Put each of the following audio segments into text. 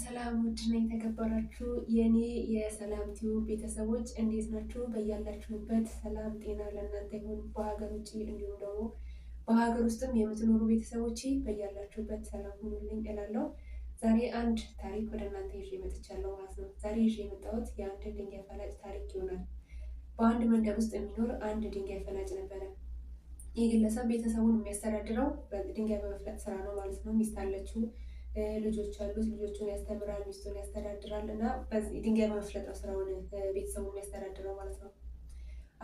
ሰላም ሰላም፣ ውድና የተከበራችሁ የእኔ የሰላም ቲዩ ቤተሰቦች እንዴት ናችሁ? በያላችሁበት ሰላም ጤና ለእናንተ ይሁን። በሀገር ውጭ እንዲሁም ደግሞ በሀገር ውስጥም የምትኖሩ ቤተሰቦች በያላችሁበት ሰላም ሁኑልኝ እላለሁ። ዛሬ አንድ ታሪክ ወደ እናንተ ይዤ መጥቻለሁ ማለት ነው። ዛሬ ይዤ የመጣሁት የአንድ ድንጋይ ፈላጭ ታሪክ ይሆናል። በአንድ መንደር ውስጥ የሚኖር አንድ ድንጋይ ፈላጭ ነበረ። ይህ ግለሰብ ቤተሰቡን የሚያስተዳድረው ድንጋይ በመፍለጥ ስራ ነው ማለት ነው። ሚስት አለችው ልጆች አሉት። ልጆቹን ያስተምራል፣ ሚስቱን ያስተዳድራል እና ድንጋይ በመፍለጥ ነው ስራውን ቤተሰቡ የሚያስተዳድረው ማለት ነው።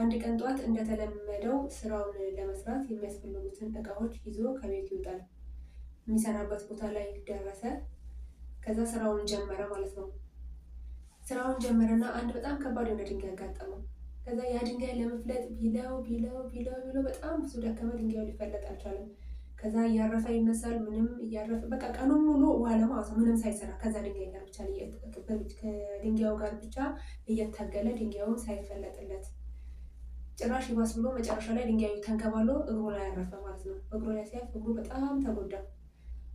አንድ ቀን ጠዋት እንደተለመደው ስራውን ለመስራት የሚያስፈልጉትን እቃዎች ይዞ ከቤት ይወጣል። የሚሰራበት ቦታ ላይ ደረሰ። ከዛ ስራውን ጀመረ ማለት ነው። ስራውን ጀመረና አንድ በጣም ከባድ የሆነ ድንጋይ አጋጠመው። ከዛ ያ ድንጋይ ለመፍለጥ ቢለው ቢለው ቢለው ቢለው በጣም ብዙ ደከመ። ድንጋዩ ሊፈለጥ አልቻለም። ከዛ እያረፈ ይመስል ምንም እያረፈ በቃ ቀኑ ሙሉ ውሃ ለማውሰ ምንም ሳይሰራ ከዛ ድንጋይ ጋር ብቻ ከድንጋዩ ጋር ብቻ እየታገለ ድንጋዩን ሳይፈለጥለት ጭራሽ ይባስ ብሎ መጨረሻ ላይ ድንጋዩ ተንከባሎ እግሩ ላይ ያረፈ ማለት ነው። እግሩ ላይ ሲያርፍ እግሩ በጣም ተጎዳ።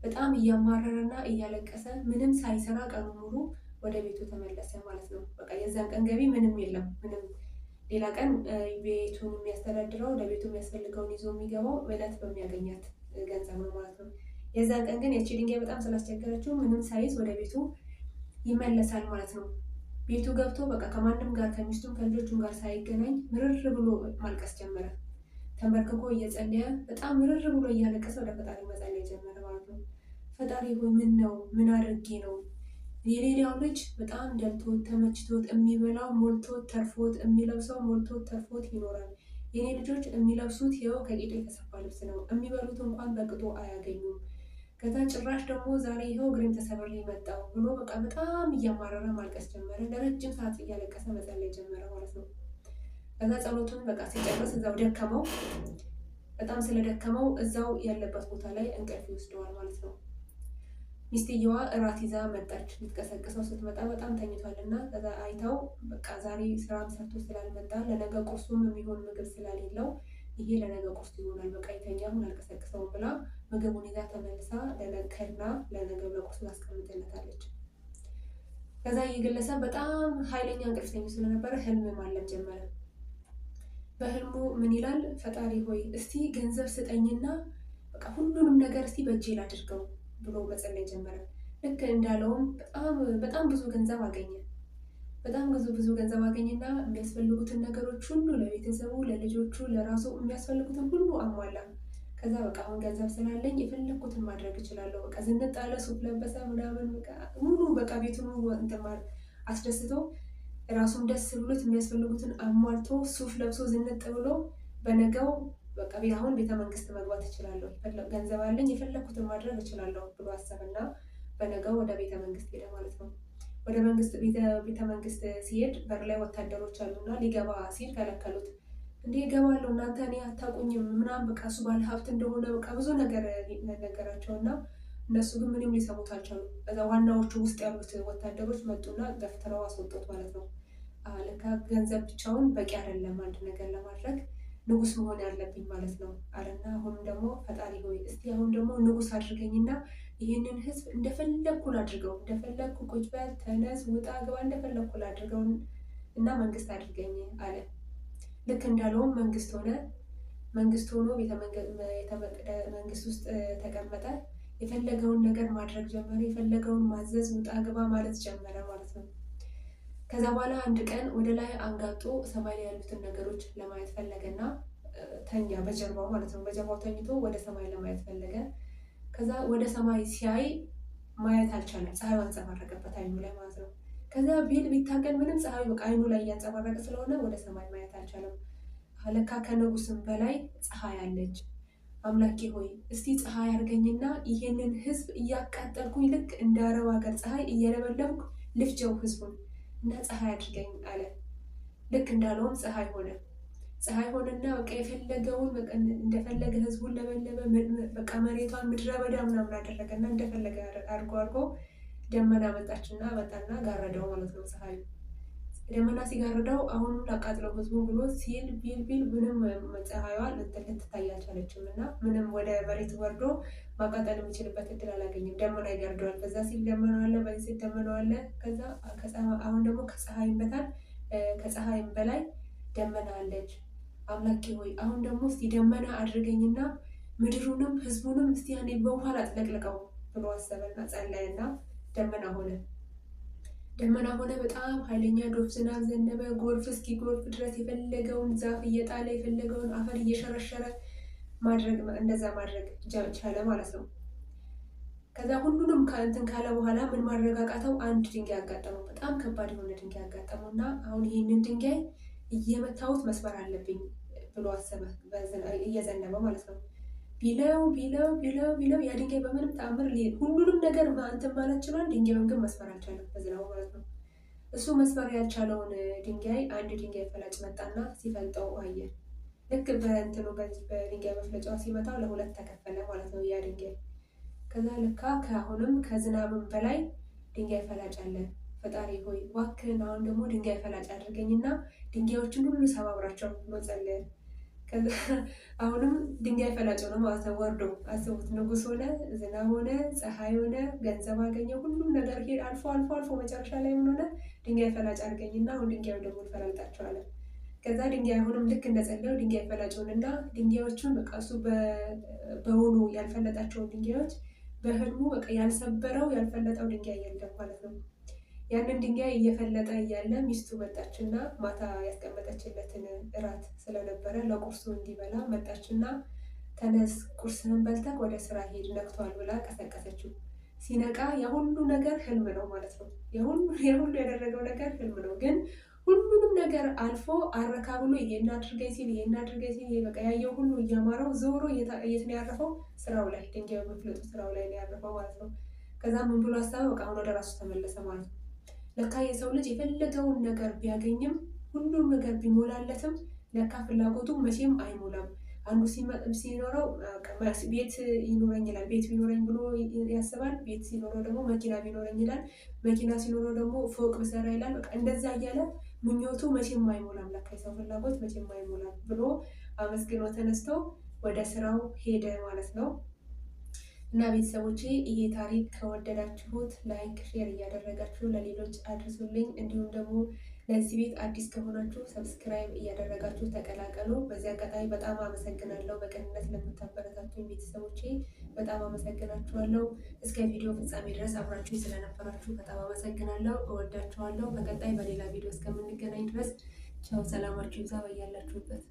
በጣም እያማረረና እያለቀሰ ምንም ሳይሰራ ቀኑ ሙሉ ወደ ቤቱ ተመለሰ ማለት ነው። በቃ የዛን ቀን ገቢ ምንም የለም። ምንም ሌላ ቀን ቤቱን የሚያስተዳድረው ለቤቱ የሚያስፈልገውን ይዞ የሚገባው በዕለት በሚያገኛት ገንዘብ ነው ማለት ነው። የዛ ቀን ግን የቺ ድንጋይ በጣም ስላስቸገረችው ምንም ሳይዝ ወደ ቤቱ ይመለሳል ማለት ነው። ቤቱ ገብቶ በቃ ከማንም ጋር ከሚስቱም ከልጆቹም ጋር ሳይገናኝ ምርር ብሎ ማልቀስ ጀመረ። ተንበርክኮ እየጸለየ በጣም ምርር ብሎ እያለቀሰ ወደ ፈጣሪ መጸለይ ጀመረ ማለት ነው። ፈጣሪ ሆይ ምን ነው? ምን አድርጌ ነው? የሌላው ልጅ በጣም ደልቶት ተመችቶት የሚበላው ሞልቶት ተርፎት የሚለብሰው ሞልቶት ተርፎት ይኖራል የኔ ልጆች የሚለብሱት ይኸው ከጌጥ የተሰፋ ልብስ ነው። የሚበሉት እንኳን በቅጡ አያገኙም። ከዛ ጭራሽ ደግሞ ዛሬ ይኸው እግሬን ተሰብሬ መጣሁ ብሎ በቃ በጣም እያማረረ ማልቀስ ጀመረ። ለረጅም ሰዓት እያለቀሰ መጸለይ ጀመረ ማለት ነው። ከዛ ጸሎቱን በቃ ሲጨርስ እዛው ደከመው። በጣም ስለደከመው እዛው ያለበት ቦታ ላይ እንቅልፍ ይወስደዋል ማለት ነው። ሚስትየዋ እራት ይዛ መጣች። ልትቀሰቅሰው ስትመጣ በጣም ተኝቷል እና ከዛ አይተው በቃ ዛሬ ስራም ሰርቶ ስላልመጣ ለነገ ቁርሱም የሚሆን ምግብ ስለሌለው ይሄ ለነገ ቁርስ ይሆናል፣ በቃ ይተኛ አሁን አልቀሰቅሰውም ብላ ምግቡን ይዛ ተመልሳ ለነከና ለነገ ለቁርስ ታስቀምጥለታለች። ከዛ ይህ ግለሰብ በጣም ኃይለኛ እንቅልፍ ስለነበረ ህልም ማለም ጀመረ። በህልሙ ምን ይላል? ፈጣሪ ሆይ እስቲ ገንዘብ ስጠኝና በቃ ሁሉንም ነገር እስቲ በእጄ ላድርገው ብሎ መጸለይ ጀመረ። ልክ እንዳለውም በጣም ብዙ ገንዘብ አገኘ። በጣም ብዙ ብዙ ገንዘብ አገኘና የሚያስፈልጉትን ነገሮች ሁሉ ለቤተሰቡ፣ ለልጆቹ፣ ለራሱ የሚያስፈልጉትን ሁሉ አሟላ። ከዛ በቃ አሁን ገንዘብ ስላለኝ የፈለግኩትን ማድረግ እችላለሁ። በቃ ዝንጥ ሱፍ ለበሰ፣ ምናምን ሙሉ በቃ ቤቱን አስደስቶ ራሱም ደስ ብሎት የሚያስፈልጉትን አሟልቶ ሱፍ ለብሶ ዝንጥ ብሎ በነገው በቃ አሁን ቤተ መንግስት መግባት እችላለሁ፣ ገንዘብ አለኝ፣ የፈለግኩትን ማድረግ እችላለሁ ብሎ አሰብና በነገው ወደ ቤተ መንግስት ሄደ ማለት ነው። ወደ መንግስት ቤተ መንግስት ሲሄድ በር ላይ ወታደሮች አሉና ሊገባ ሲል ከለከሉት። እንዲህ ይገባለሁ እናንተ እኔ አታውቁኝም ምናምን በቃ እሱ ባለ ሀብት እንደሆነ በቃ ብዙ ነገር እና እነሱ ግን ምንም ሊሰሙት አልቻሉም። በዛ ዋናዎቹ ውስጥ ያሉት ወታደሮች መጡና ገፍትረው አስወጡት ማለት ነው። ገንዘብ ብቻውን በቂ አይደለም አንድ ነገር ለማድረግ ንጉስ መሆን ያለብኝ ማለት ነው አለና አሁንም ደግሞ ፈጣሪ ሆይ እስቲ አሁን ደግሞ ንጉስ አድርገኝና ይህንን ህዝብ እንደፈለግኩን አድርገው እንደፈለግኩ ቁጭ በል ተነስ፣ ውጣ፣ ግባ እንደፈለግኩን አድርገው እና መንግስት አድርገኝ አለ። ልክ እንዳለውም መንግስት ሆነ። መንግስት ሆኖ መንግስት ውስጥ ተቀመጠ። የፈለገውን ነገር ማድረግ ጀመረ። የፈለገውን ማዘዝ፣ ውጣ፣ ግባ ማለት ጀመረ። ከዛ በኋላ አንድ ቀን ወደ ላይ አንጋጦ ሰማይ ላይ ያሉትን ነገሮች ለማየት ፈለገና ተኛ፣ በጀርባው ማለት ነው። በጀርባው ተኝቶ ወደ ሰማይ ለማየት ፈለገ። ከዛ ወደ ሰማይ ሲያይ ማየት አልቻለም። ፀሐዩ አንጸባረቀበት አይኑ ላይ ማለት ነው። ከዛ ቢል ቢታገል ምንም ፀሐዩ በቃ አይኑ ላይ እያንጸባረቀ ስለሆነ ወደ ሰማይ ማየት አልቻለም። ለካ ከንጉስም በላይ ፀሐይ አለች። አምላኬ ሆይ እስቲ ፀሐይ አድርገኝና ይሄንን ህዝብ እያቃጠልኩኝ ልክ እንደ አረብ ሀገር ፀሐይ እየለበለብኩ ልፍጀው ህዝቡን እና ፀሐይ አድርገኝ አለ። ልክ እንዳለውም ፀሐይ ሆነ። ፀሐይ ሆነና በቃ የፈለገውን እንደፈለገ ህዝቡን ለመለመ በቃ መሬቷን ምድረ በዳ ምናምን አደረገና እንደፈለገ አድርጎ አድርጎ ደመና መጣችና መጣና ጋረደው ማለት ነው ፀሐዩ። ደመና ሲጋርደው አሁን አቃጥለው ህዝቡ ብሎ ሲል ቢል ቢል ምንም ፀሐይዋ ልትታይ አልቻለችም እና ምንም ወደ መሬት ወርዶ ማቃጠል የሚችልበት እድል አላገኝም። ደመና ይጋርደዋል። ከዛ ሲል ደመና አለ፣ በዚህ ሲል ደመና አለ። ከዛ አሁን ደግሞ ከፀሐይም በታል ከፀሐይም በላይ ደመና አለች። አምላኬ ሆይ አሁን ደግሞ እስቲ ደመና አድርገኝና ምድሩንም ህዝቡንም እስቲ ያኔ በውሃ ላጥለቅልቀው ብሎ አሰበና ጸለየና ደመና ሆነ። ደመና ሆነ፣ በጣም ኃይለኛ ዶፍ ዝናብ ዘነበ፣ ጎርፍ እስኪ ጎርፍ ድረስ የፈለገውን ዛፍ እየጣለ የፈለገውን አፈር እየሸረሸረ ማድረግ እንደዛ ማድረግ ቻለ ማለት ነው። ከዛ ሁሉንም ከእንትን ካለ በኋላ ምን ማረጋቃተው አንድ ድንጋይ ያጋጠመው፣ በጣም ከባድ የሆነ ድንጋይ ያጋጠመው እና አሁን ይህንን ድንጋይ እየመታሁት መስበር አለብኝ ብሎ አሰበ፣ እየዘነበ ማለት ነው። ቢለው ቢለው ቢለው ቢለው ያ ድንጋይ በምንም ተአምር ሁሉንም ነገር እንትን ማለት ችሏል። ድንጋዩን ግን መስበር አልቻለም በዝናቡ ማለት ነው። እሱ መስበር ያልቻለውን ድንጋይ አንድ ድንጋይ ፈላጭ መጣና ሲፈልጠው አየ። ልክ በእንትኑ በድንጋይ መፍለጫው ሲመታው ለሁለት ተከፈለ ማለት ነው ያ ድንጋይ። ከዛ ልካ ከአሁንም ከዝናብም በላይ ድንጋይ ፈላጭ አለ። ፈጣሪ ሆይ እባክህን አሁን ደግሞ ድንጋይ ፈላጭ አድርገኝና ድንጋዮችን ሁሉ ሰባብራቸው መጸለየ አሁንም ድንጋይ ፈላጭ ነው ማለት ነው። ወርዶ አስቡት፣ ንጉስ ሆነ፣ ዝናብ ሆነ፣ ፀሐይ ሆነ፣ ገንዘብ አገኘ፣ ሁሉም ነገር ሄድ አልፎ አልፎ አልፎ መጨረሻ ላይ ምን ሆነ? ድንጋይ ፈላጭ አልገኝና አሁን ድንጋዩ ደግሞ እንፈላልጣቸዋለን። ከዛ ድንጋይ አሁንም ልክ እንደጸለው ድንጋይ ፈላጭ ሆነና ድንጋዮቹን በቃ እሱ በሆኑ ያልፈለጣቸውን ድንጋዮች በህልሙ በቃ ያልሰበረው ያልፈለጠው ድንጋይ የለም ማለት ነው። ያንን ድንጋይ እየፈለጠ እያለ ሚስቱ መጣችና ማታ ያስቀመጠችለትን እራት ስለነበረ ለቁርሱ እንዲበላ መጣችና ተነስ ቁርስህን በልተህ ወደ ስራ ሄድ ነግቷል ብላ ቀሰቀሰችው። ሲነቃ የሁሉ ነገር ህልም ነው ማለት ነው። የሁሉ ያደረገው ነገር ህልም ነው። ግን ሁሉንም ነገር አልፎ አረካ ብሎ ይሄን አድርገኝ ሲል ይሄን አድርገኝ ሲል በቃ ያየው ሁሉ እያማረው ዞሮ የት ነው ያረፈው? ስራው ላይ ድንጋይ መፍለጡ ስራው ላይ ነው ያረፈው ማለት ነው። ከዛ ምን ብሎ ሀሳብ በቃ አሁን ወደ ራሱ ተመለሰ ማለት ነው። ለካ የሰው ልጅ የፈለገውን ነገር ቢያገኝም ሁሉም ነገር ቢሞላለትም ለካ ፍላጎቱ መቼም አይሞላም። አንዱ ሲኖረው ቤት ይኖረኝ ይላል፣ ቤት ቢኖረኝ ብሎ ያስባል። ቤት ሲኖረው ደግሞ መኪና ቢኖረኝ ይላል፣ መኪና ሲኖረው ደግሞ ፎቅ ብሰራ ይላል። እንደዛ እያለ ምኞቱ መቼም አይሞላም፣ ለካ የሰው ፍላጎት መቼም አይሞላም ብሎ አመስግኖ ተነስቶ ወደ ስራው ሄደ ማለት ነው። እና ቤተሰቦቼ ይሄ ታሪክ ከወደዳችሁት ላይክ፣ ሼር እያደረጋችሁ ለሌሎች አድርሱልኝ። እንዲሁም ደግሞ ለዚህ ቤት አዲስ ከሆናችሁ ሰብስክራይብ እያደረጋችሁ ተቀላቀሉ። በዚህ አጋጣሚ በጣም አመሰግናለሁ። በቅንነት ለምታበረታቱኝ ቤተሰቦቼ በጣም አመሰግናችኋለሁ። እስከ ቪዲዮ ፍጻሜ ድረስ አብራችሁ ስለነበራችሁ በጣም አመሰግናለሁ። እወዳችኋለሁ። በቀጣይ በሌላ ቪዲዮ እስከምንገናኝ ድረስ ቻው። ሰላማችሁ ይብዛ በያላችሁበት።